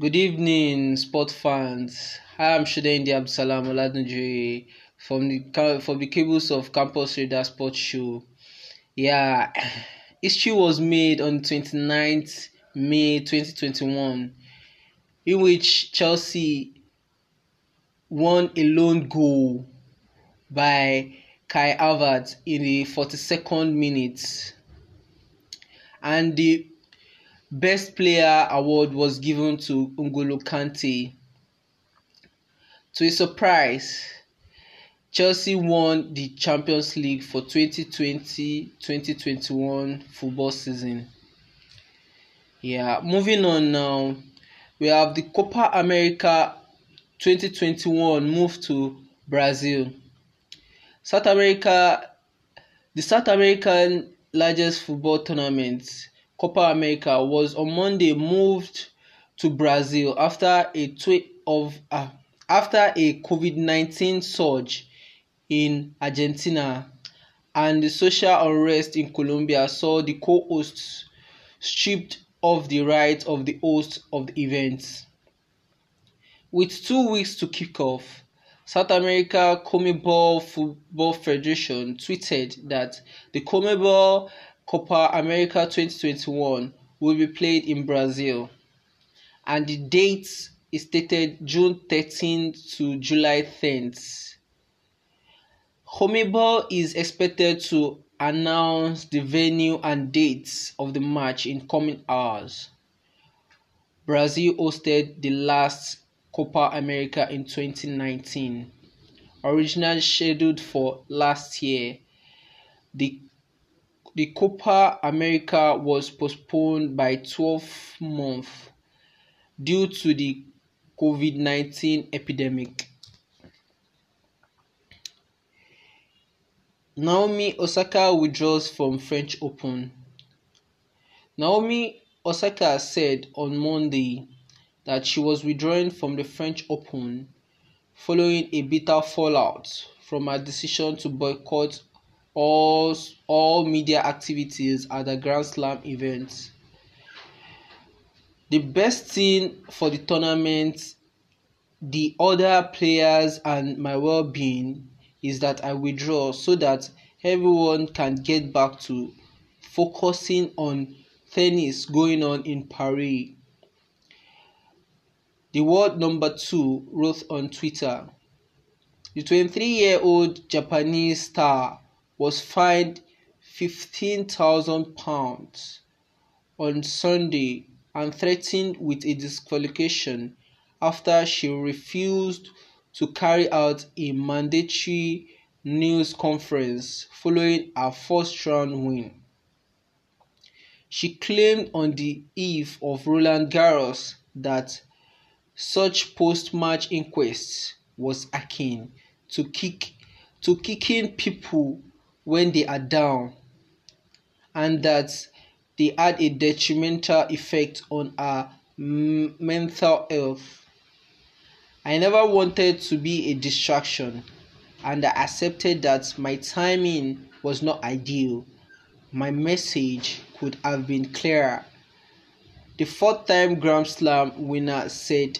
Good evening, sport fans. I am Shudendi Absalam Oladunjoye from the from the cables of Campus Radar Sports Show. Yeah, history was made on 29th May 2021, in which Chelsea won a lone goal by Kai Havertz in the 42nd minute, and the Best Player award was given to N'Golo Kante. To a surprise, Chelsea won the Champions League for 2020-2021 football season. Yeah, moving on now. We have the Copa America 2021 move to Brazil. South America, the South American largest football tournament Copa America was on Monday moved to Brazil after a tweet of uh, after a COVID-19 surge in Argentina and the social unrest in Colombia saw the co-hosts stripped of the rights of the host of the event. With two weeks to kick off, South America Comebol Football Federation tweeted that the Comebol Copa America 2021 will be played in Brazil, and the date is stated June 13 to July 10th. Comebol is expected to announce the venue and dates of the match in coming hours. Brazil hosted the last Copa America in 2019, originally scheduled for last year. The the Copa America was postponed by 12 months due to the COVID-19 epidemic. Naomi Osaka withdraws from French Open. Naomi Osaka said on Monday that she was withdrawing from the French Open following a bitter fallout from her decision to boycott all, all media activities at the Grand Slam event. The best thing for the tournament, the other players, and my well being is that I withdraw so that everyone can get back to focusing on tennis going on in Paris. The world number two wrote on Twitter. The 23 year old Japanese star was fined £15,000 on Sunday and threatened with a disqualification after she refused to carry out a mandatory news conference following her first round win. She claimed on the eve of Roland Garros that such post-match inquests was akin to kick to kicking people when they are down and that they had a detrimental effect on our m- mental health. I never wanted to be a distraction and I accepted that my timing was not ideal. My message could have been clearer. The fourth time Grand Slam winner said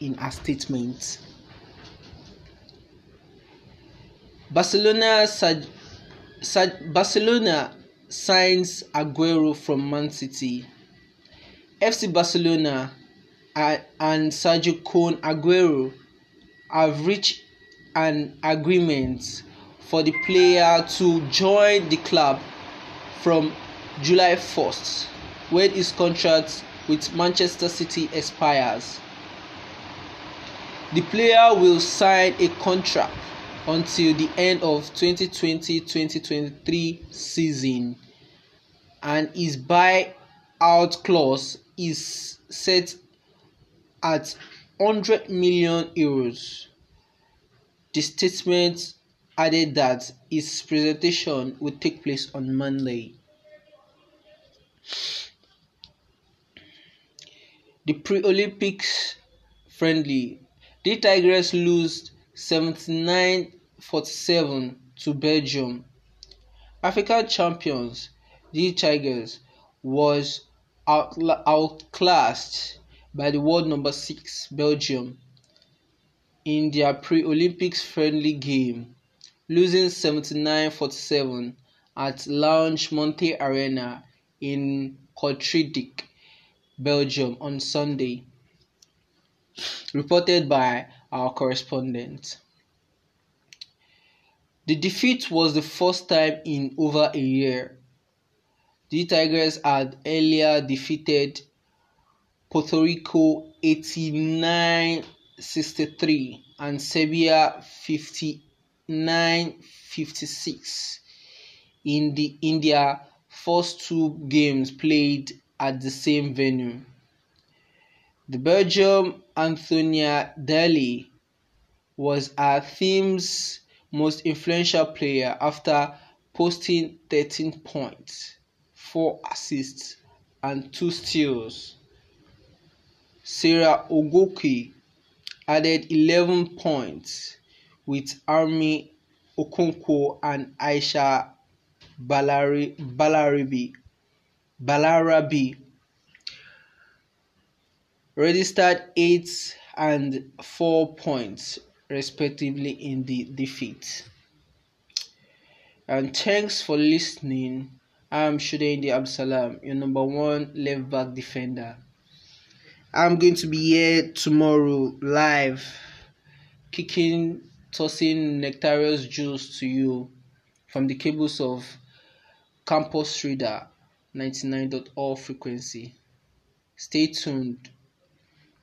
in a statement. said. Barcelona signs Aguero from Man City. FC Barcelona and Sergio Con Aguero have reached an agreement for the player to join the club from July 1st, when his contract with Manchester City expires. The player will sign a contract until the end of 2020-2023 season and his buyout clause is set at 100 million euros. The statement added that his presentation will take place on Monday. The pre Olympics friendly. The Tigers lose 79-47 to Belgium. Africa champions, the Tigers, was outclassed by the world number 6 Belgium in their pre-Olympics friendly game, losing 79-47 at Lounge Monte Arena in Kortrijk, Belgium on Sunday. Reported by our correspondent. The defeat was the first time in over a year. The Tigers had earlier defeated Puerto Rico 89 63 and Serbia 59 56 in, the, India first two games played at the same venue. The Belgium, Anthony Daly, was her team's most influential player after posting 13 points, 4 assists and 2 steals. Sarah Ogoke added 11 points with Army Okonkwo and Aisha Balari, Balaribi, Balarabi registered eight and four points respectively in the defeat. And thanks for listening. I'm Shudendi Absalam, your number one left back defender. I'm going to be here tomorrow live, kicking, tossing nectarious juice to you from the cables of Campus Reader 99.0 frequency. Stay tuned.